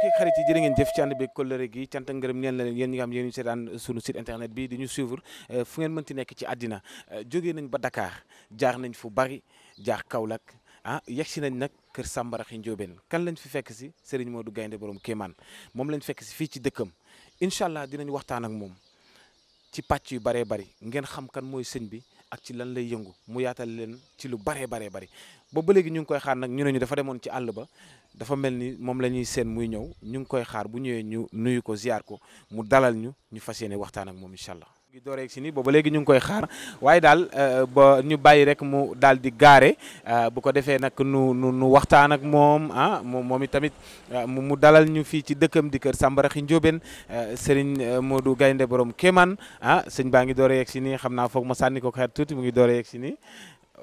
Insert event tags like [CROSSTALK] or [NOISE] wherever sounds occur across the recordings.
mbokki xarit yi jërë ngeen jëf ci ànd bi kollëre gi cant ak ngërëm di ñu suivre euh, fu ngeen mënti nekk ci àddina euh, jógee nañ ba Dakar jaar nañ fu bari jaar Kaolack ah yegg si nañ nag kër Sàmbaraxi Njóobeen kan lañ fi fekk si Serigne du Gaynde borom Kéemaan moom lañ fekk si fii ci dëkkam incha allah dinañ waxtaan ak moom ci pàcc yu baree bari ngeen xam kan mooy sëñ bi ak ci lan lay yëngu mu yaatal leen ci lu baree bare bari ba ba léegi ñu ngi koy xaar nag ñu ne ñu dafa demoon ci àll ba dafa mel ni moom la ñuy seen muy ñëw ñu ngi koy xaar bu ñëwee ñu nuyu ko ziar ko mu dalal ñu ñu fas yéene waxtaan ak moom incha allah. gi dooree si nii booba léegi ñu ngi koy xaar waaye daal euh, ba ñu bàyyi rek mu daal di gaare euh, bu ko defee nag nu nu waxtaan ak moom ah moom itamit euh, mu dalal ñu fii ci dëkkam di kër xi Sambaraxi Njóobeen Serigne du Gaynde borom Kéemaan ah sëñ baa ngi dooree yegg si nii xam naa foog ma sànni ko xeer tuuti mu ngi dooree yegg si nii.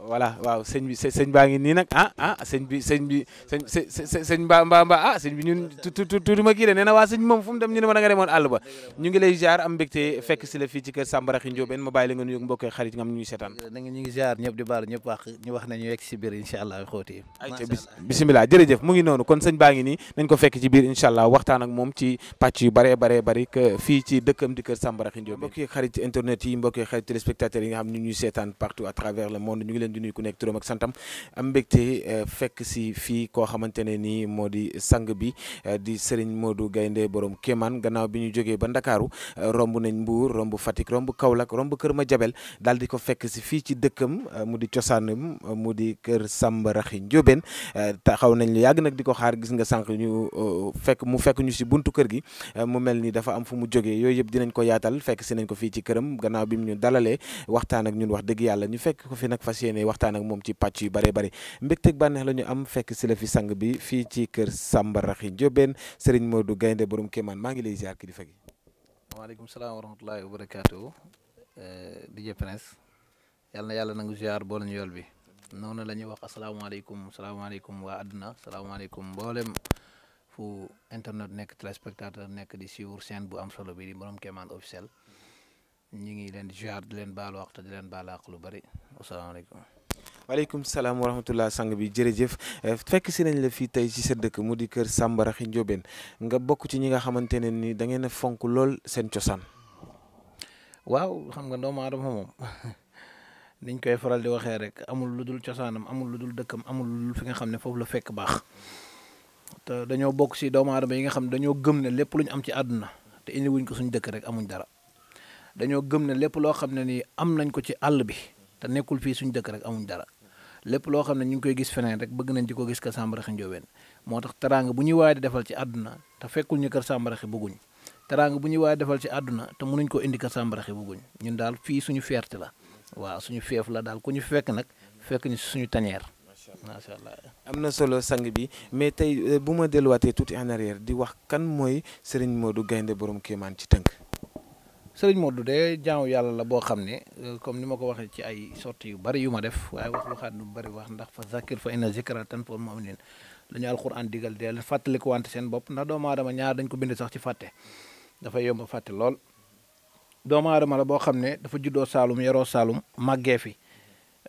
voilà waaw sëñ bi sëñ baa ngi nii nag ah ah sëñ bi sëñ bi sëñ sëñ mbaa mbaa mbaa ah sëñ bi ñun tuuti waa sëñ moom fu dem ñu ma da demoon àll ba ñu ngi lay ziar am mbégte fekk si la fii ci kër Sambaraxi Ndiobène ma nga nuyu mbokk xarit nga mu ngi noonu baa ngi nii nañ ko fekk ci biir incha allah waxtaan ak ci pàcc yu bare bare bari fii ci dëkkam di kër Sambaraxi Ndiobène xarit internet yi mbokk xarit téléspectateurs yi nga xam ñu ñuy seetaan partout à travers le monde leen di nuyu ku nekk turam ak santam am mbégte eh, fekk si fii koo xamante ne nii moo di sang bi eh, di sëriñ moo Modou Gaynde boroom Kéemaan gannaaw bi ñu jógee ba Ndakaaru eh, romb nañ Mbuur romb Fatick romb Kaolack romb Kër ma Madiabel daal di ko fekk si fii ci dëkkam mu di cosaanam mu di kër Samba Raxi Njóobeen taxaw nañ lu yàgg nag di ko xaar gis nga sànq ñu fekk mu fekk ñu si buntu kër gi mu mel ni dafa am fu mu jógee yooyu yëpp dinañ ko yaatal fekk si nañ ko fii ci këram fi nag fas yéene waxtaan ak mom ci patch yu bari bari mbégteeg ak banex lañu am fekk ci la fi sang bi fi ci kër Samba Rakhy Ndiobène Serigne Modou Gaynde borom Kéemaan ma ngi lay ziar kilifa gi. alaykum salaam wa rahmatullahi wa euh eh, DJ Prince yalla yalla nangu ziar bo lañu yol bi wax la alaykum assalamu alaykum wa waa assalamu alaykum mboolem fu internet nek téléspectateur nek di suivre chaîne bu am solo bi di borom officiel. ñu ngi leen di ziar di leen baal waxtu di leen baal àq lu bari asalaamaaleykum. waaleykum salaam wa rahmatulah sang bi jërëjëf eh, fekk si nañ la fii tey ci sa dëkk mu di kër sàmbara Raxi Njóobeen nga bokk ci ñi nga xamante ne ni da ngeen a fonk lool seen cosaan. waaw xam nga doomu [LAUGHS] koy faral di waxee rek amul lu dul cosaanam amul lu dul dëkkam amul fi nga xam ne foofu la fekk baax te dañoo bokk si doomu aadama yi nga xam ne dañoo gëm ne lépp lu am ci àdduna te indi wuñ ko suñ dëkk rek amuñ dara. dañoo gëm ne lépp loo xam ne nii am nañ ko ci àll bi te nekkul fii suñu dëkk rek amuñ dara lépp loo xam ne ñu ngi koy gis feneen rek bëgg nañ di ko gis kër Sàmbaraxi Njoobeen moo tax teraanga bu ñuy waaye di defal ci àdduna te fekkul ñu kër Sàmbaraxi bëgguñ teraanga bu ñuy waaye defal ci àdduna te mënuñ ko indi kër Sàmbaraxi bëgguñ ñun daal fii suñu fierté la waaw suñu feef la daal ku ñu fekk nag fekk ñu suñu tañeer macha allah am na solo sang bi mais tey euh, bu ma delluwaatee tuuti en di wax kan mooy Serigne Modou Gaynde borom Kéemaan ci tënk sëriñ du de jaamu yàlla la boo xam ne euh, comme ni ma ko waxee ci ay sorties yu bari yu ma def waaye wax waxaat lu bari wax ndax fa zakir fa inna zikra tanfa'ul mu'minin la ñu alxuraan digal deel fàttali ko wante seen bopp ndax doomu aadama ñaar dañ ko bind ci fàtte dafay yomb fàtte lool doomu aadama la boo xam ne dafa juddoo Saalum yaroo Saalum màggee fi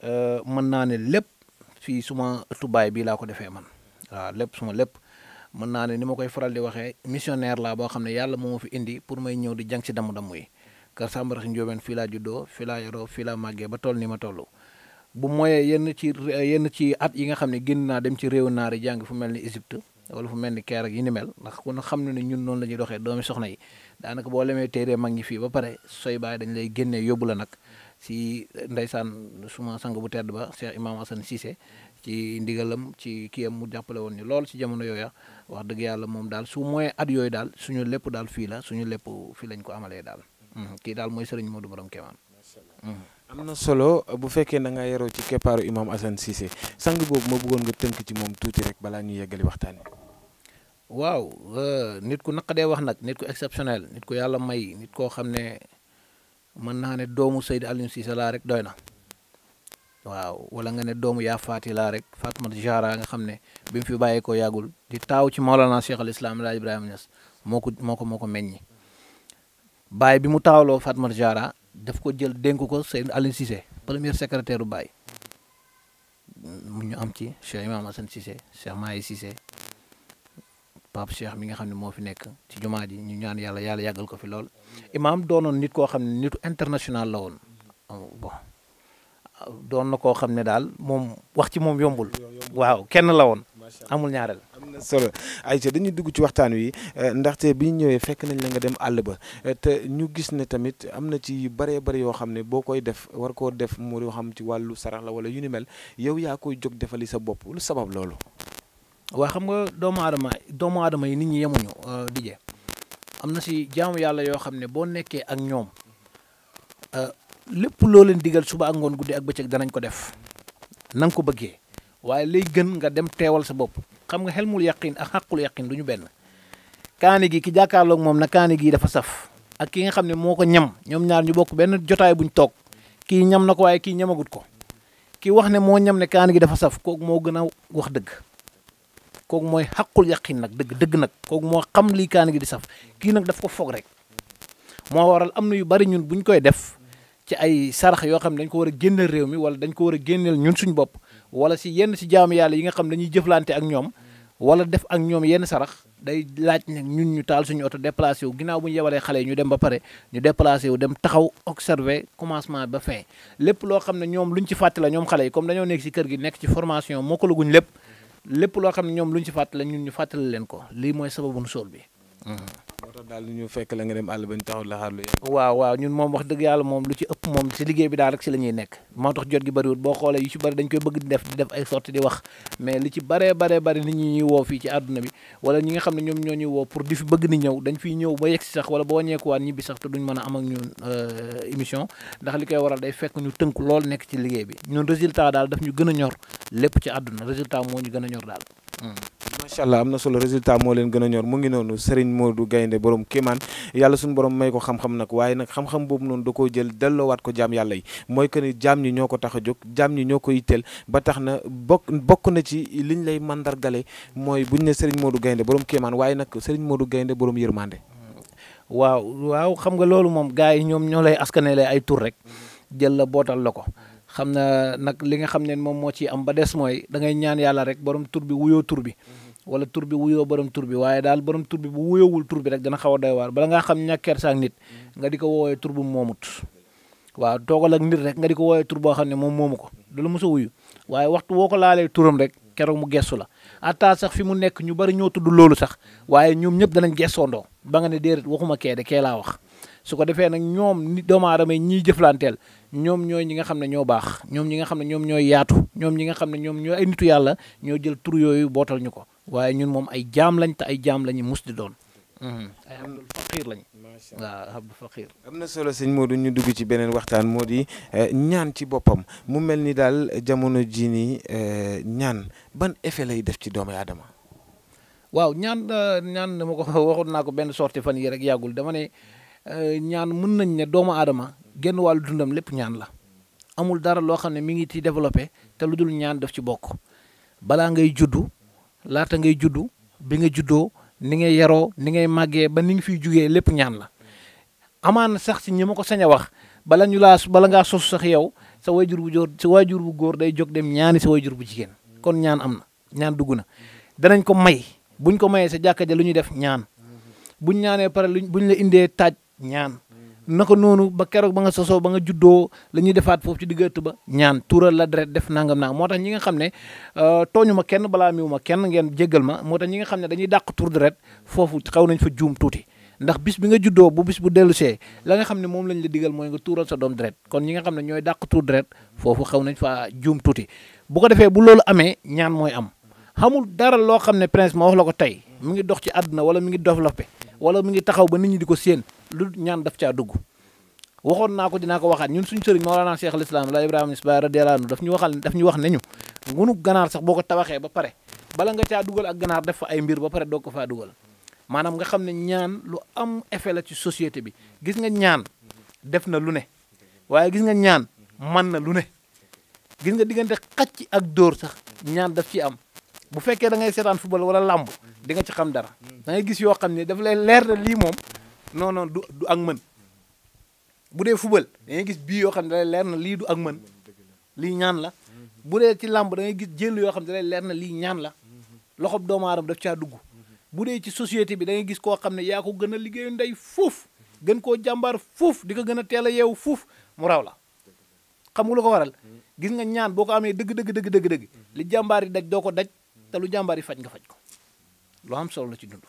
euh, mën naa ne lépp fii suma tubaay bii laa ko defee man waaw lépp suma lépp mën naa ne ni ma koy faral di waxee missionnaire laa boo xam ne yàlla moom ma fi indi pour may ñëw di jàng si damu damu yi Kër Samba Raxi Ndiobène fii laa juddoo fii laa yoroo ba toll ni ma toll bu moyee yenn ci yenn ci at yi nga xam ne génn naa dem ci réewu naar yi jàng fu mel ni Égypte wala fu mel ni Caire ak yi ni mel ndax ku na xam na ne ñun noonu la ñuy doxee soxna yi daanaka boo lemee téere mag ñi fii ba pare soy baay dañ lay génnee yóbbu la nag si ndeysaan suma sang bu tedd ba Cheikh Imam Assane Cissé ci ndigalam ci kiyam mu jàppale woon ni lool ci jamono yooya wax dëgg yàlla moom daal su moyee at yooyu daal suñu lépp daal fii la suñu lépp fii lañ ko amalee daal Mhm. kii daal mooy Serigne Modou Borom Kéemaan. Mhm. am na solo bu fekkee na nga yaroo ci keppaaru imam Assane Cissé sang boobu ma bëggoon nga tënk ci moom tuuti rek balaa ñuy yeggali waxtaan waaw euh, nit ku naqadee wax nag nit ku exceptionnel nit ku yàlla may nit koo xam ne mën naa ne doomu Seydi Alioune Cissé laa rek doy na waaw wala nga ne doomu yaa faati laa rek Fatma Jara nga xam ne bi mu fi bàyyeekoo yàggul di taaw ci Maolana Cheikh al Islam El Hadj Ibrahima moo ko moo ko meññi baay bi mu taawaloo Fatma Diarra daf ko jël dénk ko seen Aliou Cissé premier secrétaire bu baay mu ñu am ci Cheikh Imam Hassan Cissé Cheikh Mahi Cissé Pape Cheikh mi nga xam ne moo fi nekk ci jumaa yi ñu ñaan yàlla yàlla yàggal ko fi lool imam doonoon nit koo xam ne nitu international la woon bon doon na koo xam ne daal moom wax ci moom yombul. waaw kenn la woon. amul ñaareel. am na solo Aïcha dañuy dugg ci waxtaan wi euh, ndaxte bi ñu ñëwee fekk nañ la nga dem àll ba euh, te ñu gis ne tamit am na ci yu bëree yoo xam ne boo koy def war koo def mu yoo xam ci wàllu sarax la wala yu ni mel yow yaa koy jóg defali sa bopp lu sabab loolu. waa xam nga doomu aadama doomu aadama yi nit ñi yemuñu euh, di je am na si jaamu yàlla yoo xam ne boo nekkee ak ñoom. lepp loo leen digal suba ak ngon guddé ak bëccëg danañ ko def nang ko bëggé waye lay gën nga dem téwal sa bop xam nga helmul yaqin ak haqqul yaqin duñu ben benn kaani gi ki ak mom na kaani gi dafa saf ak ki nga xam ne ñam ñom ñaar ñu bokk ben jotaay buñ tok ki ñam nako waye ki ñamagut ko ki wax ne mo ñam ne kaani gi dafa saf kok mo gëna wax dëgg kok moy haqqul yaqin nag dëgg dëgg nag kok mo xam li kaani gi di saf ki nag daf ko fogg rek mo waral am yu bari ñun buñ koy def ci ay sarax yoo xam ne dañ ko war a génneel réew mi wala dañ ko war a génneel ñun suñu bopp wala si yenn si jaamu yàlla yi nga xam ne dañuy jëflante ak ñoom wala def ak ñoom yenn sarax day laaj ne ñun ñu taal suñu oto déplacé wu ginnaaw bu ñu yebalee xale yi ñu dem ba pare ñu déplacé wu dem taxaw observé commencement ba fin lépp loo xam ne ñoom luñ ci fàttale ñoom xale yi comme dañoo nekk si kër gi nekk ci formation moo ko luguñ lépp lépp loo xam ne ñoom luñ ci fàtte ñun ñu fàttali leen ko lii mooy sababu nu sool bi mm-hmm. moo tax daal ñu fekk la nga dem àll ba ñu taxaw la xaar lu yàgg waaw waaw ñun moom wax dëgg yàlla moom lu ci ëpp moom si liggéey bi daal rek si la ñuy nekk moo tax jot gi bëriwul boo xoolee yu ci bëri dañ koy bëgg di def di def ay sorti di wax mais li ci bëree baree nit ñi ñuy woo fii ci àdduna bi wala ñi nga xam ne ñoom ñoo ñuy pour di fi bëgg ni ñëw dañ fiy ñëw ba yegg si sax wala boo ñeekuwaan ñibbi sax te duñ mën a am ak ñun euh, émission ndax ñu tënk lool nekk ci a a ñor daal hmm. macha allah am na solo résultat moo gaynde borom kéemaan yàlla suñu borom may ko xam-xam nag waaye nag xam-xam boobu noonu da koo jël waat ko jaam yàlla yi mooy que ni jaam ñi ñoo ko tax a jóg jaam ñi ñoo ko yitteel ba tax na bokk bokk na ci liñ lay mandargale mooy buñ ne Serigne Modou gaynde borom kéemaan waaye nag sëriñ Serigne Modou gaynde borom yërmande waaw waaw xam nga loolu moom gars yi ñoom ñoo lay askanele ay tur rek jël la bootal la ko xam na nag li nga xam ne moom moo ciy am ba des mooy da ngay ñaan yàlla rek borom tur bi wuyoo tur bi wala turbi bi wuyoo borom wae bi waaye daal borom tour bi bu wuyoowul tour bi rek dana xaw a doy waar bala nga xam ñàkk kersa nit nga di ko woowee tur bu moomut waaw toogal ak nit rek nga di ko woowee boo xam ne moom la mos wuyu waaye waxtu woo ko laalee turam rek keroog mu gestu la atta sax fi mu nekk ñu bari ñoo tudd loolu sax waaye ñoom ñëpp danañ gestoondoo ba nga ne déedéet waxuma kee de kee laa wax su ko defee nag ñoom ni doomu aadama yi ñiy jëflanteel ñoom ñooy ñi nga xam ne ñoo baax ñoom ñi nga xam ñoom ñooy yaatu ñoom ñi nga xam ñoom ñooy ay nitu yàlla ñoo jël tur yooyu bootal ñu waaye ñun moom ay jaam lañ te ay jaam lañu mus di doon. Mm-hmm. ay abdul faqiir lañ waaw abdul faqiir am na solo sëñ Modou ñu dugg ci beneen waxtaan moo di eh, ñaan ci boppam mu mel ni daal jamono jii nii eh, ñaan ban effet lay def ci doomu aadama waaw ñaan eh, ñaan dama ko [LAUGHS] waxoon naa ko benn sortie fan yi rek yàggul dama ne ñaan mën nañ ne doomu aadama genn wàllu dundam lépp ñaan la amul dara loo xam ne mi ngi ci développé te lu dul ñaan def ci bokk balaa ngay juddu laata ngay juddu bi nga juddoo ni ngay yaroo ni ngay màggee ba ni nga fiy jugee lépp ñaan la amaan sax si ñi ma ko sañ a wax bala ñu laa bala ngaa sos sax yow sa wayjur bu jóor sa wayjur bu góor day jóg dem ñaani sa wayjur bu jigéen kon ñaan am na ñaan dugg na danañ ko may buñ ko mayee sa jàkka ja lu ñuy def ñaan buñ ñaanee pare luñ buñ la indee taaj ñaan nako nonu ba kérok ba nga soso ba nga juddo la defaat fofu ci diggante ba ñaan tuural la dret def nangam na motax ñi nga xam ne euh, toñuma kenn bala miwu kenn ngeen jéggal ma motax ñi nga xam ne dañuy dakk tour dret fofu xaw nañ fa joom tuuti ndax bis bi nga juddo bu bis bu sé la nga xam ne lañ la digël moy nga tuural sa dom dret kon ñi nga xam ne dakk tour dret fofu xaw nañ fa joom tuuti bu ko defee bu lolu amé ñaan moy am xamul dara lo ne prince ma wax la ko tay mi ngi dox ci aduna wala mi ngi développé wala mi ngi taxaw ba nit ñi diko seen lu ñaan daf caa dugg waxon nako dina ko waxat ñun suñu sëriñ maulana Cheikh al Islam la ibrahim Isba radiyallahu anhu daf ñu waxal daf ñu wax ne ngunu ganar sax boko ko ba pare bala nga caa dugal ak ganar def fa ay mbir ba pare do ko fa dugal manam nga xamné ñaan lu am effet la ci société bi gis nga ñaan def na lu ne waye gis nga ñaan man na lu ne gis nga diggante xacc ak door sax ñaan daf ci am bu fekkee da ngay sétane football wala lamb di nga ci xam dara da ngay gis yu xam daf lay leer li mom non non du du ak man bu dee fubal da ngay gis bii yoo xam ne da leer na lii du ak man lii ñaan la bu dee ci làmb da ngay gis jël yoo xam ne da leer na lii ñaan la loxob doomu aadama daf caa dugg bu dee ci société bi da ngay gis koo xam ne yaa ko gën a liggéeyu ndey fuuf gën koo jàmbaar fuuf di ko gën a teel a yeewu fuuf mu raw la xamu lu ko waral gis nga ñaan boo ko amee dëgg dëgg dëgg dëgg dëgg li jàmbaar yi daj doo ko daj te lu jàmbaar yi faj nga faj ko lu am solo la ci dundu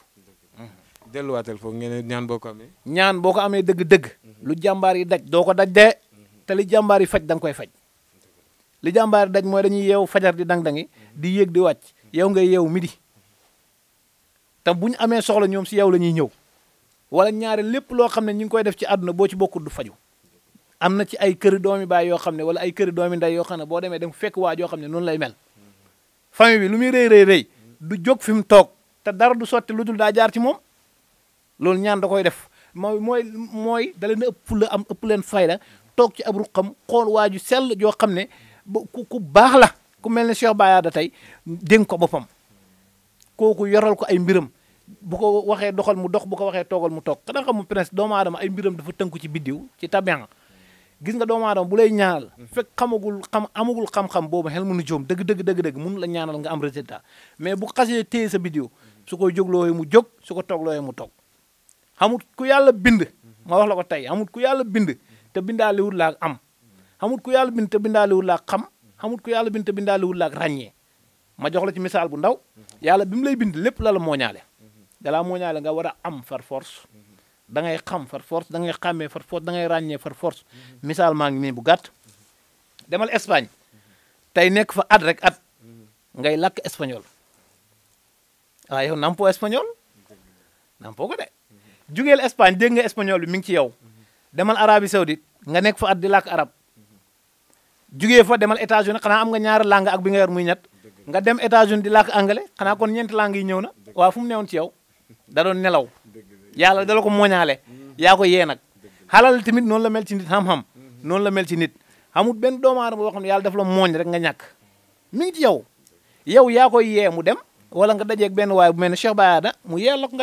delluwaatal foofu ngeen ñaan boo ko amee. ñaan boo ko amee dëgg-dëgg. Mhm. lu jàmbaar yi daj doo ko daj de. Mhm. te li jàmbaar yi faj da koy faj. li jàmbaar yi daj mooy dañuy yeew fajar di dang-dangi di yéeg di wàcc yow ngay yeew midi te bu ñu amee soxla ñoom si yow la ñuy ñëw wala ñaari lépp loo xam ne ñu ngi koy def ci àdduna boo ci bokku du faju am na ci ay këri doomi baay yoo xam ne wala ay këri doomi ndey yoo xam ne boo demee dem fekk waa joo xam ne noonu lay mel mhm. famille lu muy du jóg fi mu toog loolu ñaan da koy def mooy mooy mooy da leen ëpp la am ëpp leen fayda toog ci ab ruqam xool waa sell joo xam ne ku ku baax la ku mel ne Cheikh Baaya da tey dénk ko boppam kooku yoral ko ay mbiram bu ko waxee doxal mu dox bu ko waxee toogal mu toog da xam prince doomu aadama ay mbiram dafa tënku ci biddiw ci tabian gis nga doomu aadama bu lay ñaanal mm-hmm. fekk xamagul xam amagul xam-xam boobu xel mënu joom dëgg dëgg dëgg dëgg mun la ñaanal nga am résultat mais bu xasee téye sa biddiw su koy mu jóg su ko mu toog xamut ku yàlla bind ma wax la ko tey xamut ku yàlla bind te bindaaliwul laak am xamut ku yàlla bind te bindaaliwul laak xam xamut ku yàlla bind te bindaaliwul ràññee ma jox la ci misaal bu ndaw yàlla bi mu lay bind lépp la la mooñaale dalaa mooñaale nga war a am far force da ngay xam far force da ngay xàmmee far force da ngay ràññee far force misaal maa ngi nii bu gàtt demal Espagne tey nekk fa at rek at ngay lakk espagnol waaye yow nampoo espagnol nampoo ko de jugeel Espagne dégg nga espagnol bi mi ngi ci yow demal Arabie Saoudite nga nekk fa at di lakk arab jugee fa demal États-Unis xanaa am nga ñaari langue ak bi nga yor muy ñett nga dem états di lakk anglais xanaa kon ñeenti langue yi ñëw na waaw fu mu newoon ci yow da nelaw yàlla dala ko mooñaale mm-hmm. yaa ko yee nag xalal tamit noonu la mel ci nit xam-xam mm-hmm. noonu la mel ci nit xamul benn doomu aadama boo xam yàlla daf la mooñ rek nga ñàkk mi ngi ci yow yow yaa koy yee mu dem wala nga dajeeg benn waay bu mel ne Cheikh Bayada mu yee la ko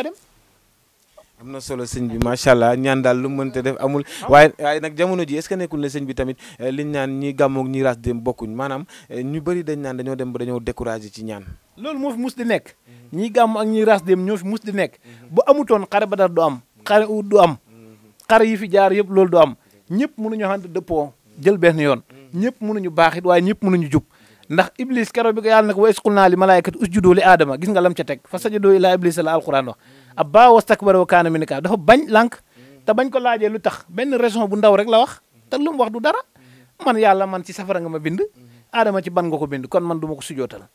am na solo sëñ bi macha allah ñaan daal lu mënte def amul waaye waaye nag jamono ji est-ce que nekkul ne sëñ bi tamit eh, liñ naan ñi gàmmoog ñi raas dem bokkuñ maanaam eh, ñu bari dañ naan dañoo dem ba dañoo découragé ci ñaan loolu moo fi mus di nekk ñi gàmm ak ñi raas dem ñoo fi mus di nekk bu amutoon xare badar du am xare ut du am xare yi fi jaar yëpp loolu du am ñëpp mënuñu xamante dëppoo jël benn yoon ñëpp mënuñu baaxit waaye ñëpp mënuñu jub ndax iblis kero bi ko yàlla nag wa isqul naa li malaaykat usjudu li aadama gis abba wastakbara wa kaana mina kaa dafa bañ lànk te bañ ko laaje lu tax benn raison bu ndaw rek la wax ta lu wax du dara man yalla man ci safara nga ma bind adama ci ban nga ko bind kon man duma ko sujotal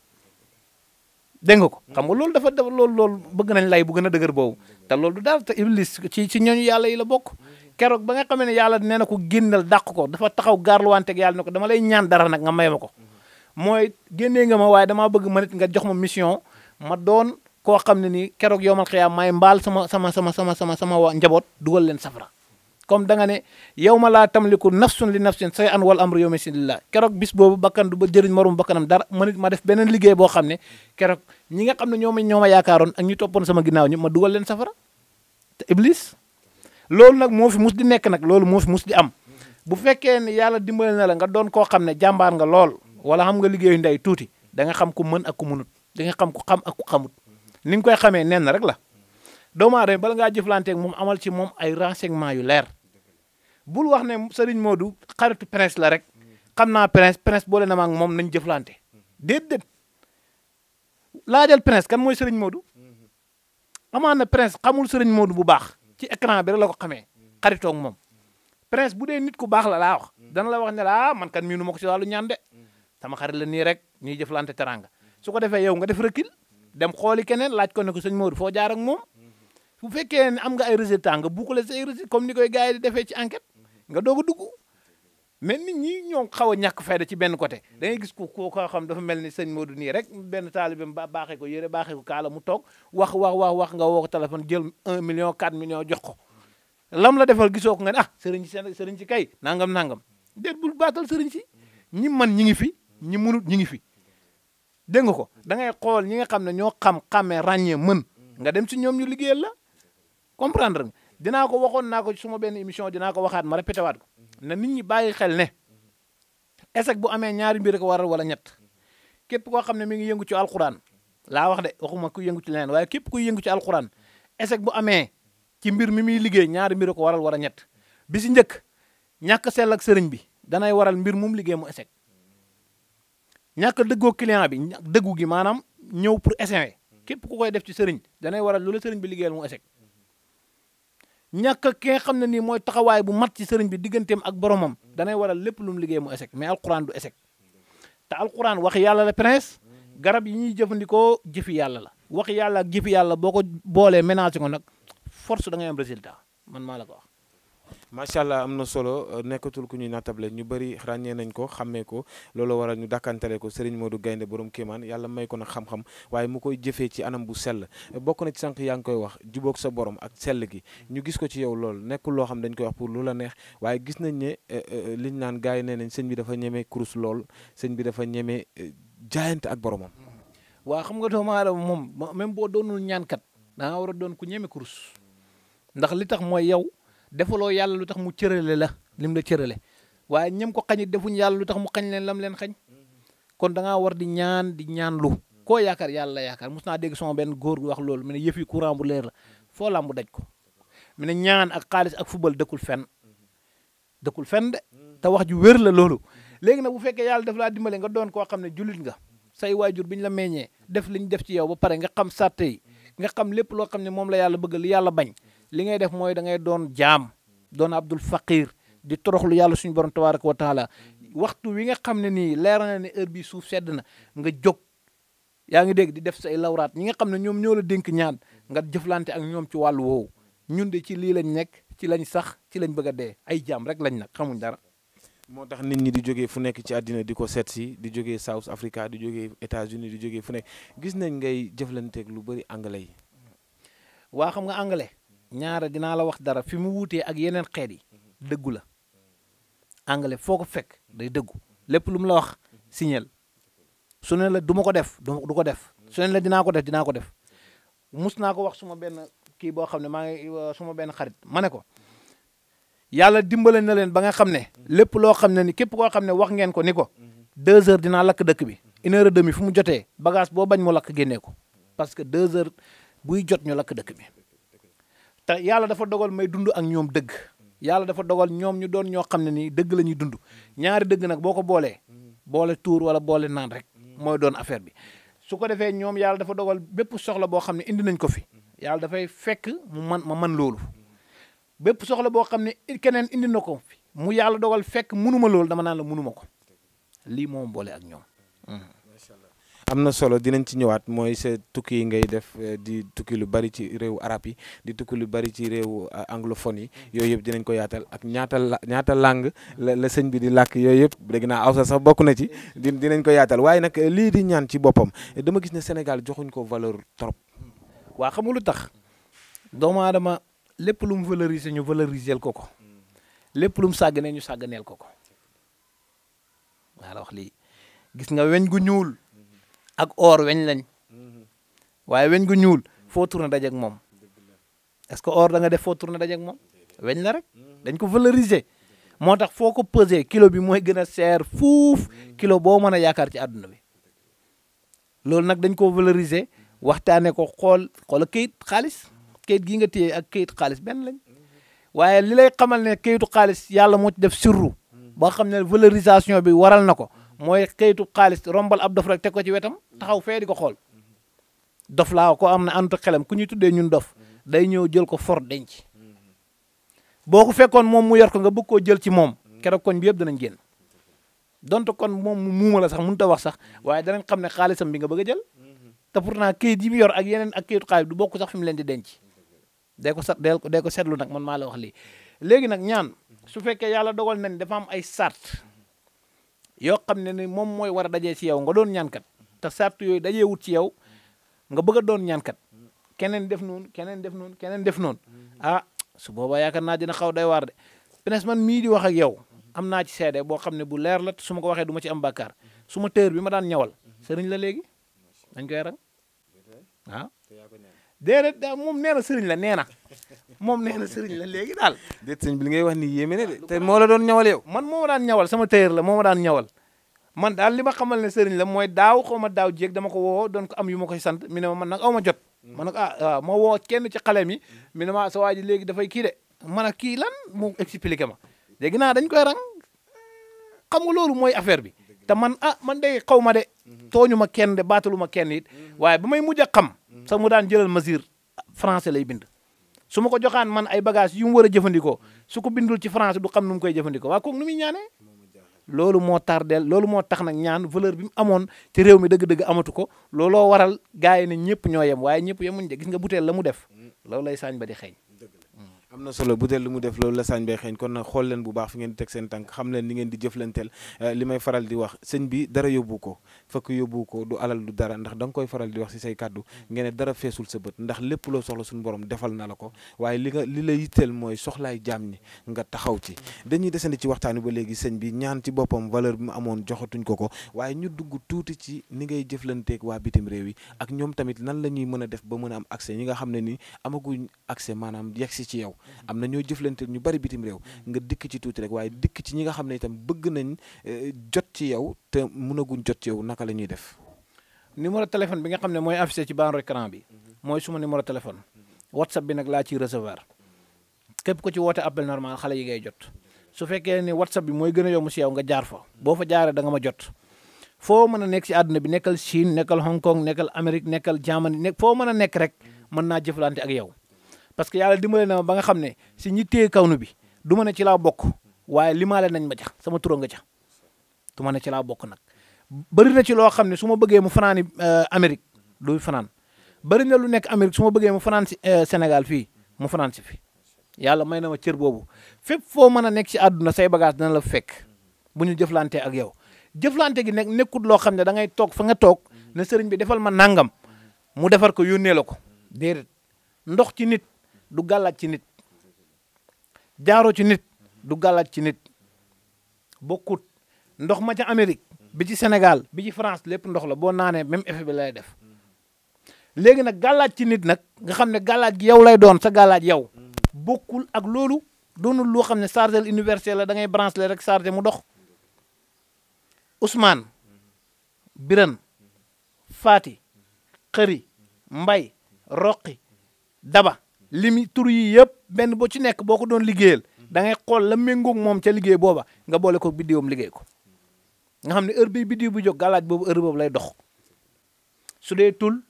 deng nga ko xam nga lolou dafa lolou lolou bëgg nañ lay bu gëna deugër bo ta lolou du dal ta iblis ci ci ñooñu yalla yi la bok kérok ba nga xamé ne yalla nee ko génnal dakk ko dafa taxaw ak yalla ne ko dama lay ñaan dara nak nga may ko moy nga ma way dama bëgg manit nga jox ma mission ma doon ko xam ni kérok yowmal qiyam may mbal sama sama sama sama sama sama wa njabot dugal len safara comme da nga ne yowma la tamliku nafsun li nafsin say an wal amru yawmi isin kérok bis bobu bakkan du ba jeriñ morom bakkanam dar man it ma def benen liggéey bo xamne kérok ñi nga xamne ñoma ñoma ak ñu topon sama ginau, ñu ma dugal len safara te iblis lool nak mo fi mus di nekk nag loolu fi mus di am bu fekke ni yalla dimbal na la nga don ko xamne jambar nga lool wala xam nga liggéeyu ndey tuti da nga xam ku mën ak ku mënut da nga xam ku xam ak ku xamut ni nga koy xamee nen rek la doomu aadama bala ngaa jëflanteeg moom amal ci moom ay renseignement yu leer bul wax ne Serigne Modou xaritu prince la rek xam naa prince prince boole na ma ak moom nañ jëflante déedéet laajal prince kan mooy Serigne Modou amaan na prince xamul Serigne Modou bu baax ci écran bi la ko xamee xaritoog moom prince bu dee nit ku baax la laa wax dana la wax ne laa ah, man kan miinu ma ko ci wàllu ñaan de sama xarit la nii rek ñuy jëflante teranga defee yow nga def dem xooli keneen laaj ko ne ko sëñ Modou foo jaarak ak moom bu fekkee ne am nga ay résultats nga boucler say résultats comme ni koy gars yi di defee ci enquête nga doog a dugg mais ñi ñoo xaw a ñàkk fayda ci benn côté da ngay gis ko koo xam dafa mel ni sëñ Modou nii rek benn taalibeem ba baaxee ko yére baaxee ko kaala mu toog wax wax wax nga woo ko téléphone jël million 4 million jox ko lam la defal gisoo ko nga ne ah sëriñ si sëriñ kay nangam nangam déet bul baatal sëriñ si ñi man ñi ngi fi ñi mënut ñi ngi fi dégg nga ko da ngay xool ñi nga xam ne ñoo xam xamee ràññee mën nga dem si ñoom ñu liggéeyal la comprendre nga dinaa ko waxoon naa ko suma benn émission dinaa ko waxaat mara répété waat ko na nit ñi bàyyi xel ne échec bu amee ñaari mbir ko waral wala ñett képp koo xam ne mi ngi yëngu ci alxuraan laa wax de waxuma ku yëngu ci leneen waaye képp kuy yëngu ci alxuraan échec bu amee ci mbir mi muy liggéey ñaari mbir waral wala ñett bi si njëkk ñàkk sell ak bi danay waral mbir mum liggéey mu échec ñàkk a dëggoo client bi dëggu gi maanaam ñëw pour essayer képp ku koy def ci sëriñ danay waral loola sëriñ bi liggéeyal mu échec ñàkk ki nga xam ne nii mooy taxawaay bu mat ci sëriñ bi digganteem ak boromam danay waral lépp lu mu mu échec mais alquran du échec te alquran wax yàlla la prince garab yi ñuy jëfandikoo jëfi yàlla la wax yàlla ak jëfi yàlla boo ko boolee ménage ko nag force da ngay am résultat man maa la ko wax macha allah am na solo euh, nekkatul ku ñuy nattable ñu bari ràññee nañ ko xàmmee ko loolu waral ñu dàkkantale ko Serigne du Gaynde borom Kéemaan yàlla may ko na xam-xam waaye mu koy jëfee ci anam bu sell euh, bokk na ci sànq yaa ngi koy wax jubóog sa borom ak sell gi ñu gis ko ci yow lool nekkul loo xam dañ koy wax pour lu la neex waaye gis nañ ne euh, liñ naan gars yi nee nañ sëñ bi dafa ñemee kurus lool sëñ bi dafa ñemee jaayante ak boromam. waa xam nga doomu aadama moom même boo doonul ñaankat da doon ku ñeme kurus defulo yàlla lu tax mu cërale la lim la cërale waye ñam ko xagn defuñ yàlla lu mu xagn leen lam leen xagn kon da nga war di ñaan di ñaan lu Koyakar yaakar yalla yaakar musna deg son ben goor gu wax lool mu ne yi courant bu leer la fo lamb daj ko mu ñaan ak xaaliss ak football dekul fenn dekul fenn de ta wax ju wër la loolu legi nag bu fekke yalla daf la dimbalé nga doon ko xam julit nga say wajur biñ la def liñ def ci yow ba paré nga xam nga xam lepp lo mom la yalla bëgg li yalla bañ li ngay def moy da ngay Don jam don abdul faqir di toroxlu yalla suñu borom tabaraka wa taala waxtu wi nga xamne ni nii leer na ne heure bi suuf sedd nga jog ya nga deg di def say lawrat ñi nga xamne ñom ñoo la denk ñaan nga jëflante ak ñom ci walu wo ñun de ci li lañ nek ci lañ sax ci lañ bëgg dé ay jam rek lañ nak xamuñ dara. motax nit ñi di joggé fu nekk ci adina di setti di joggé South Africa di joggé États-Unis di joggé fu nekk gis nañ ngay ak lu bari anglais wa xam nga anglais ñaara dina la wax dara fi mu wuutee ak yenen xéet yi deggu la anglais foko ko fekk day deggu lepp lu mu la wax signal su ne la duma ko def du ko def su ne la dina ko def dina ko def musna ko wax suma ben ki bo xamné ma ngi suma ben xarit mané ko yalla dimbalé na len ba nga xamné lepp lo xamné ni képp ko xamné wax ngeen ko niko 2 heures dina lak dëkk bi 1 heure et demie fu mu jotee bagage bo bañ mo lak génnee ko parce que 2 heures buy jot ñu lak dëkk bi te yàlla dafa dogal may dund ak ñoom dëgg yàlla dafa dogal ñoom ñu doon ñoo xam ne nii dëgg la ñuy dund ñaari dëgg nag boo ko boolee boole tuur wala boole naan rek mooy doon affaire bi su ko defee ñoom yàlla dafa dogal bépp soxla boo xam ne indi nañ ko fi yàlla dafay fekk mu man ma man loolu bépp soxla boo xam ne keneen indi na ko fi mu yàlla dogal fekk munuma loolu dama naan la munuma ko lii moom boole ak ñoom hmm. am na solo dinañ ci ñëwaat mooy sa tukki yi ngay def eh, di tukki lu bari ci réew arab yi di tukki lu bari ci réew eh, anglophone yi mm. yooyu yëpp dinañ ko yaatal ak ñaata la ñaata langue la sëñ bi di làkk yooyu yëpp dégg naa awsa sax bokk na ci di dinañ ko yaatal waaye nag eh, lii di ñaan ci boppam dama gis ne Sénégal joxuñ ko valeur trop. waa xam nga lu tax doomu aadama lépp lu mu valoriser ñu valoriser ko ko lépp lum mu sàgganee ñu sàgganeel ko ko gis nga weñ gu ñuul. ak or weñ lañ mhm. waaye weñ gu ñuul foo tourné dajeeg moom est-ce que or da nga def foo tourné dajeeg moom weñ la rek mhm. dañ ko valoriser moo tax foo ko pesé kilo bi mooy gën a seer fuuf mhm. kilo boo mën a yaakaar ci àdduna bi loolu nag dañ ko valoriser waxtaanee ko xool xoola kayit xaalis kayit gii nga téye ak kayit xaalis benn lañ waaye li lay xamal ne kayitu xaalis yàlla moo ci def sirru boo ne valorisation bi waral na ko mooy kayitu xaalis rombal ab dof rek te ko ci wetam taxaw fee di ko xool dof laa ko am na antu xelam ku ñuy tuddee ñun dof day ñëw jël ko for denc boo ko fekkoon moom mu yor ko nga bëgg koo jël ci moom keroog koñ bi yëpp danañ génn donte kon moom mu muuma la sax mënut a wax sax waaye danañ xam ne xaalisam bi nga bëgg a jël te pourtant kayit yi mu yor ak yeneen ak kayitu xaalis du bokk sax fi mu leen di denc day ko sa dee ko dee nag man maa la wax lii léegi nag ñaan su fekkee yàlla dogal nañ dafa am ay sart yoo xam ne ni moom mooy war a dajee ci yow nga doon ñaankat te sartu yooyu dajee wut ci yow nga bëgg a doon ñaankat keneen def noonu keneen def noonu keneen def noon ah su boobaa yaakaar naa dina xaw day waar de Prince man mii di wax ak yow am naa ci seede boo xam ne bu leer la su ma ko waxee du ma ci am bàkkaar suma ma bi ma daan ñawal sëriñ la léegi dañ koy rang déedéet daal moom nee na la nee na moom nee na sëriñ la léegi daal. déet sëñ bi li ngay wax nii yéeme ne de te moo la doon ñawal yow. man moo ma daan ñawal sama tailleur la moom daan ñawal man daal li ma xamal ne sëriñ la mooy daaw xaw ma daaw jéeg dama ko woo doon ko am yu ma koy sant mi ne ma man nag ah, aw ma jot. ma ne ko ah woo kenn ci xale mi mi ma sa waa ji léegi dafay kii de ma kii lan mu expliqué ma léegi naa dañ koy rang xam nga loolu mooy affaire bi. te man ah man de xaw ma de mhm. tooñu ma kenn de baatalu ma kenn it mhm. waaye ba may mujj a xam mhm. sa mu daan jëlal mesure français lay bind su ma ko joxaan man ay bagage yu mu war a jëfandikoo su ko bindul ci français du xam nu mu koy jëfandikoo waa kooku nu muy ñaanee loolu moo tardeel loolu moo tax nag ñaan valeur bi mu amoon ci réew mi dëgg-dëgg amatu ko looloo waral gars yi ne ñëpp ñoo yem waaye ñëpp yemuñ de gis nga butéel la mu def mm. loolu lay saañ ba di xeeñ am na solo bu dee lu mu def loolu la saañ bay xeeñ kon nag xool leen bu baax fi ngeen di teg seen tànk xam leen ni ngeen di jëflanteel eh, li may faral di wax sëñ bi dara yóbbu ko fakk yóbbu ko du alal du dara ndax da nga koy faral di wax si say kàddu ngeen ne dara feesul sa bët ndax lépp loo soxla suñu borom defal na la ko waaye li nga li la yitteel mooy soxlaay jaam ni nga taxaw ci dañuy desandi ci waxtaan ba léegi sëñ bi ñaan ci boppam valeur bi mu amoon joxatuñ ko ko waaye ñu dugg tuuti ci ni ngay jëflanteeg waa bitim réew yi ak ñoom tamit nan la ñuy mën a def ba mën a am accès ñi nga xam ne ni amaguñ accès maanaam yegsi ci yow am na ñoo jëflante ñu bari bitim réew nga dikk ci tuuti rek waaye dikk ci ñi nga xam ne itam bëgg nañ eh, jot ci yow te mënaguñ jot ci yow naka la ñuy def. numéro téléphone bi nga xam ne mooy affiché ci bande écran bi mooy suma numéro téléphone whatsapp bi nag laa ciy recevoir képp ku ci woote appel normal xale yi ngay jot su fekkee ni whatsapp bi mooy gën a yomb si yow nga jaar fa boo fa jaaree da nga ma jot. foo mën a nekk ci àdduna bi nekkal Chine nekkal Hong Kong nekkal Amérique nekkal Germany nekk foo mën a nekk rek mën naa jëflante ak yow parce que yàlla dimbale na ma ba nga xam ne si ñi téye kawnu bi du ma ne ci laa bokk waaye limaale nañ ma ca sama turoo nga jax du ma ne ci laa bokk nag. bari na ci loo xam ne su ma bëggee mu fanaani euh, Amérique du fanaan bëri na lu nekk Amérique su ma bëggee mu fanaan si euh, Sénégal fii mu fanaan si fi yàlla may na ma cër boobu fépp foo mën a nekk si àdduna say bagage dana la fekk bu ñu jëflante ak yow. jëflante gi nag nekkut loo xam ne da ngay toog fa nga toog ne sëriñ bi defal ma nangam mu defar ko yónnee la ko du gàllaaj ci nit jaaroo ci nit du gàllaaj ci nit bokkut ndox ma ca Amérique bi ci Sénégal bi ci France lépp ndox la boo naanee même effet bi lay def léegi nag gàllaaj ci nit nag nga xam ne gàllaaj gi yow lay doon sa gàllaaj yow bokkul ak loolu doonul loo xam ne chargeur universel la da ngay brancher rek chargé mu dox Ousmane Biran Faati Xëri Mbay Roqi Daba limi tur yi yëpp benn bu ci nekk boo ko doon liggéeyal mhm. da ngay xool la méngoog moom ca liggéey booba nga boole ko biddiwam liggéey ko nga xam ne heure bi biddiw bu jóg galaaj boobu heure boobu lay dox su dee tul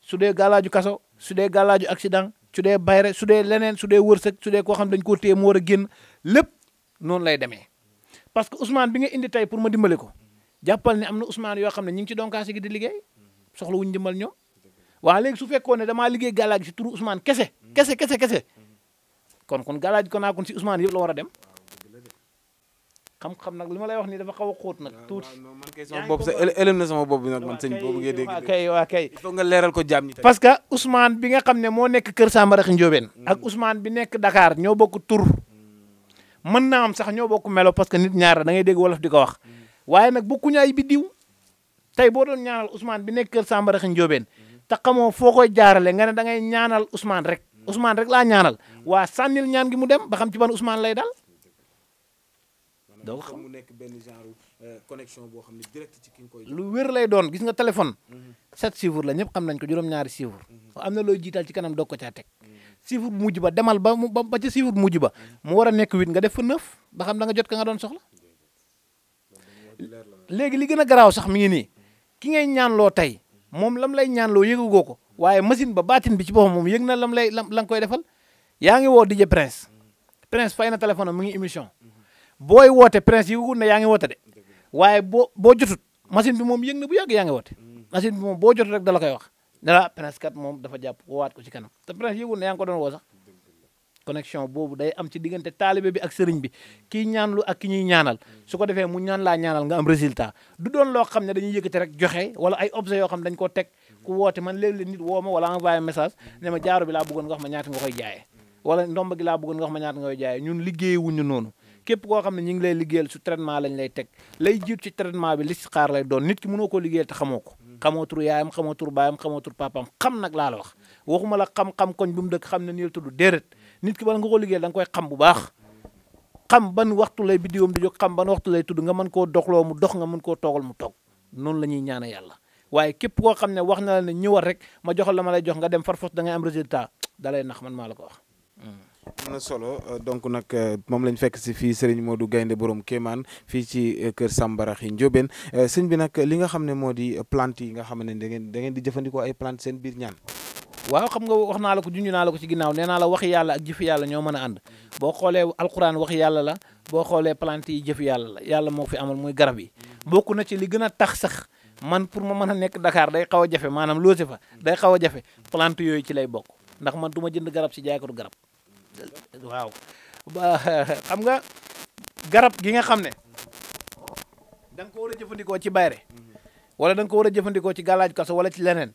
su dee galaaju kaso su dee galaaju accident su dee bayre su dee leneen su dee wërsëg su dee koo xam dañ koo téye mu war a génn lépp noonu lay demee parce que Ousmane bi nga indi tey pour ma dimbale ko jàppal ni am na Ousmane yoo xam ne ñi ngi ci donkaase gi di liggéey soxla wuñ dimbal wa léegi su fekkone dama liggey liggéey ci si turu Ousmane kese mm-hmm. kese kese kese kon kon galaaj ko naa kon si Ousmane yeb la wara dem ah, xam-xam nak lima lay wax ni dafa xaw xoot nak ah, nag man kay sama bop elem na sama bop bi nak man sëñ bobu ngay deg kay wa kay il faut nga leral ko jàmm parce que Ousmane bi nga xamne ne nek keur sa Samba Raxi mm. ak Ousmane bi nek Dakar ño bok tour man mm. na am sax ño bok melo parce que nit ñaar da ngay deg wolof diko wax mm. waye nak bu kuñay bi diw tay bo doon ñaanal Ousmane bi nekk Kër Samba Raxi Njóobeen te xamoo foo jaarale ngana da ngay ñaanal Ousmane rek Ousmane rek la ñaanal wa sanil ñaan gi mu dem ba xam ci ban Ousmane lay dal. do xam mu nek ben genre euh, connection bo xamni direct ci ki nga koy. lu wër lay doon gis nga téléphone. sept chiffre la ñep xam nañ ko juroom ñaari chiffre mhm. amna lo jital ci kanam do ko ca tek chiffre bu mujj ba demal ba mu ba ci chiffre bu mujj ba mhm. mu wara nek nekk nga def fa neuf ba xam da nga jot ka nga doon soxla. léegi li gëna graw sax mi ngi ni ki ngay ñaan loo tey. moom lam lay ñaanloo yëgagoo ko waaye machine ba baatin bi ci boppam moom yëg na lam lay la nga koy defal yaa ngi woo DJ Prince Prince fay na téléphone am mu ngi émission booy woote Prince yëgagul ne yaa ngi woote de waaye boo boo jotut machine bi moom yëg na bu yàgg yaa ngi woote machine bi moom boo jotut rek da la koy wax ne la Prince kat moom dafa jàpp waat ko ci kanam te Prince yëgul ne yaa ko doon woo sax connexion boobu day am ci diggante taalibe bi ak sëriñ bi kiy ñaanlu ak ki ñaanal su ko defee mu ñaan laa ñaanal nga am résultat du doon loo xam ne dañuy yëkkati rek joxe wala ay objet yoo xam ne dañ koo teg ku woote man léeg-léeg nit woo ma wala envoyé message ne ma jaaro bi laa bëggoon nga wax ma ñaata nga koy jaayee wala ndomba gi laa bëggoon nga wax ma ñaata nga koy ñun liggéey wuñu noonu képp koo xam ne ñu la lay liggéeyal su traitement lañ lay teg lay jiit ci traitement bi listixaar lay doon nit ki mënoo koo liggéeyal te xamoo ko xamoo tur yaayam xamoo tur baayam xam nag laa la wax waxuma la xam-xam koñ bu mu dëkk xam ne nii la tudd nit ki wala nga ko liggéey dang koy xam bu baax xam ban waxtu lay biddiwam di jox xam ban waxtu lay tudd nga man ko doxlo mu dox nga man ko togal mu tok non lañuy ñaana wax na la ne ñëwal rek ma joxal la ma lay jox nga dem farfos da ngay am résultat dalay nax man mala ko wax mm. am solo donc nak euh, mom lañ fekk ci fi Serigne Modou Gaynde borom keman fi ci keur sambara xi njoben serigne euh, bi nak li nga xamne modi di euh, plante yi nga xamne da ngeen da ngeen di jëfëndiko ay plante seen bir ñaan waaw xam nga wax naa la ko junj naa la ko ci ginnaaw nee naa la waxi yàlla ak jëfi yàlla ñoo mën a ànd boo xoolee alxuraan waxi yàlla la boo xoolee plante yi jëfi yàlla la yàlla moo fi amal muy garab yi bokk na ci li gën a tax sax man pour ma mën a nekk Dakar day xaw a jafe maanaam loose fa day xaw a jafe plante yooyu ci lay bokk ndax man du jënd garab si jaaykatu garab waaw [LAUGHS] xam nga garab gi nga xam ne da ko war a jëfandikoo ci bayre da nga ko a jëfandikoo ci galaaj kaso wala ci leneen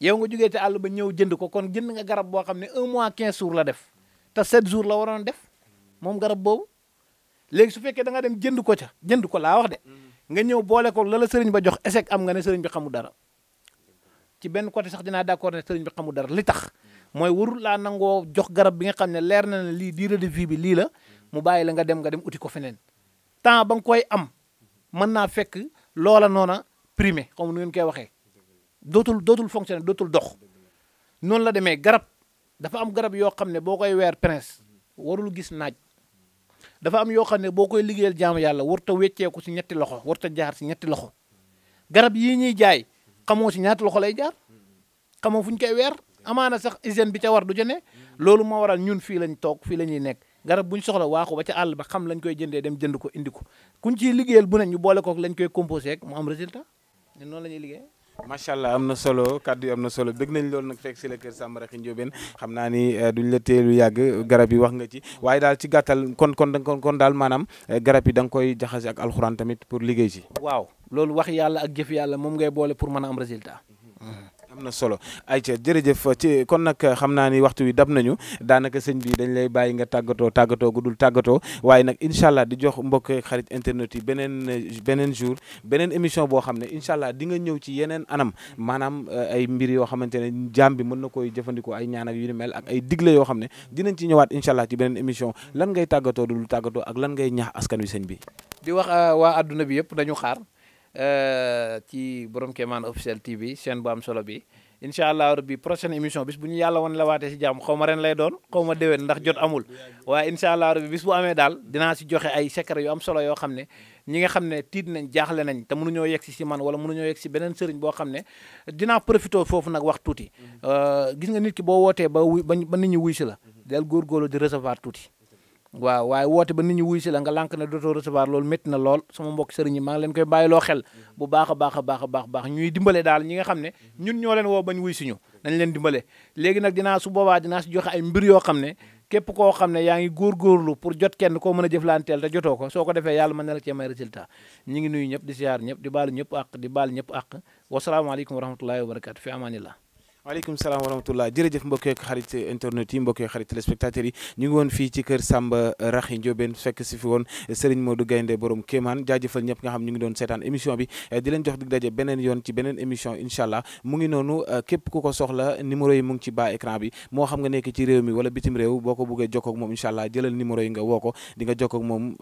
yow nga jógee ci àll ba ñëw jënd ko kon jënd nga garab bo xamné 1 mois 15 jours la def te 7 jours la waron def mom garab boobu légui su féké da nga dem jënd ko ca jënd ko la wax dé mm. nga ñëw bolé ko la la sëriñ ba jox échec am nga né sëriñ bi xamu dara ci benn côté sax dina d'accord né sëriñ bi xamu dara li tax moy wuru la nango jox garab bi nga xamné lér na ne lii de vie bi li la mu bayyi la nga dem nga dem uti ko fenen temps bang koy am mën na fekk lola nona primé xam nu ngeen koy waxé dootul dootul fonctionner dootul dox noonu la demee garab dafa am garab yoo xam ne boo koy weer prince warul gis naaj dafa am yoo xam ne boo koy liggéeyal jaamu yàlla warut a wecceeku si ñetti loxo warut a jaar si ñetti loxo garab yii ñuy jaay xamoo si ñaati loxo lay jaar xamoo fu ñu koy weer amaana sax hygiène bi ca war du ca loolu moo waral ñun fii lañ toog fii la ñuy nekk garab bu ñu soxla waaxu ba ca àll ba xam lañ koy jëndee dem jënd ko indi ko kuñ ciy liggéeyal bu ne ñu boole kook lañ koy composé ak mu am résultat noonu la ñuy liggéey macha allah am na solo kàddu yi am na solo bëgg nañ loolu nag fekk si la kër Samba Raxi Njóobeen xam naa ni eh, duñ la teelu yàgg garab yi wax nga ci waaye daal ci gàttal kon kon kon kon daal maanaam eh, garab yi danga nga koy jaxase ak alxuraan tamit pour liggéey ci waaw loolu wax yàlla ak jëf yàlla moom ngay boole pour mën a am résultat mhm. Mhm. am na solo ayca jërëjëf ci kon nag xam naa ni waxtu wi dab nañu daanaka sëñ bi dañ lay bàyyi nga tàggatoo tàggatoo gudul tàggatoo waaye nag incha allah di jox mbokk xarit internet yi beneen beneen jour beneen émission boo xam ne incha allah di nga ñëw ci yeneen anam maanaam eh, ay mbir yoo xamante ne jaam bi mën na koy jëfandikoo ay ñaan ak yu mel ak ay digle yoo xam ne dinañ ci ñëwaat incha allah ci beneen émission lan ngay tàggatoo dul tàggatoo ak lan ngay ñax askan wi sëñ bi di wax eh, waa adduna bi yëpp dañu xaar Euh, ci borom Kéemaan officiel TV chaîne bu am solo bi incha allah rabbi prochaine émission bis bu ñu yàlla woon la waatee si jàmm xaw ma ren lay doon xaw ma déwén ndax jot amul waaye incha allah rabbi bis bu amee daal dina si joxe ay secret yu am solo yoo xam ne ñi nga xam ne tiit nañ jaaxle nañ te ñoo yeg si si man wala mënuñoo yegg si beneen sëriñ boo xam ne dina profité foofu nag wax tuuti mhm. euh, gis nga nit ki boo wootee ba wuy ba nit ñi wuy si la del góorgóorlu di recevoir tuuti. waaw waaye woote ba nit ñi wuy si la nga lank na dootoo recevoir loolu métti na lool sama mbokk sëriñ yi maa ngi leen koy bàyyiloo xel bu baax a baax a baax a baax baax ñuy dimbale daal ñi nga xam ne ñun ñoo leen woo bañ wuy si ñu dañ leen dimbale léegi nag dinaa su boobaa dinaa si joxe ay mbir yoo xam ne képp koo xam ne yaa ngi góorgóorlu pour jot kenn koo mën a jëflanteel te jotoo ko soo ko defee yàlla mën na la cee may résultat ñi ngi nuyu ñëpp di siyaar ñëpp di baalu ñëpp àq di baal ñëpp àq wasalaamaaleykum wa rahmatullahi wa barakatu fi amaanillah waaleykum salaam wa jërëjëf mbokki ak xarit internet yi mbokki ak xarit téléspectateurs yi ñu ngi woon fii ci kër Samba Raxi Ndiobène fekk si fi woon Serigne jaajëfal ñëpp nga xam ñu ngi doon seetaan émission bi di leen jox dig yoon ci beneen émission incha allah ngi noonu képp ku ko soxla numéro yi mu ngi ci bas écran bi moo xam nga nekk ci réew mi wala bitim réew boo ko buggee jokkoo ak moom incha allah jëlal numéro yi nga woo ko di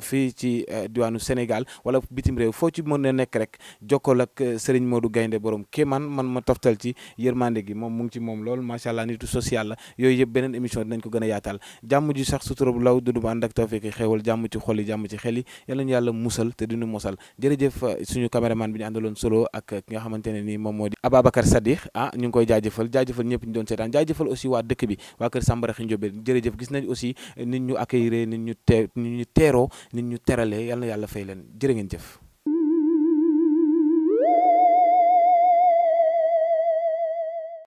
fii ci eh, diwaanu Sénégal wala bitim réew foo ci mën na nekk rek jokkoo ak Serigne Modou Gaynde borom Kéemaan man ma toftal ci yërmande gi moom mu ci moom lool macha allah nitu social la yooyu yëpp beneen émission dinañ ko gën a yaatal jàmm ji sax sutura bu law dudu bu ànd ak tawfeeki xéewal jàmm ci xol jàmm ci xel yi yal yàlla musal te duñu musal jërëjëf euh, suñu caméraman bi ñu àndaloon solo ak ki nga xamante ne nii moom moo di Ababacar Sadikh ah ñu ngi koy jaajëfal jaajëfal ñëpp ñu doon seetaan jaajëfal aussi waa dëkk bi waa kër Sambara Xinjobe jërëjëf gis nañ aussi nit ñu teeroo nit ñu teralee yal yàlla fay leen jërë ngeen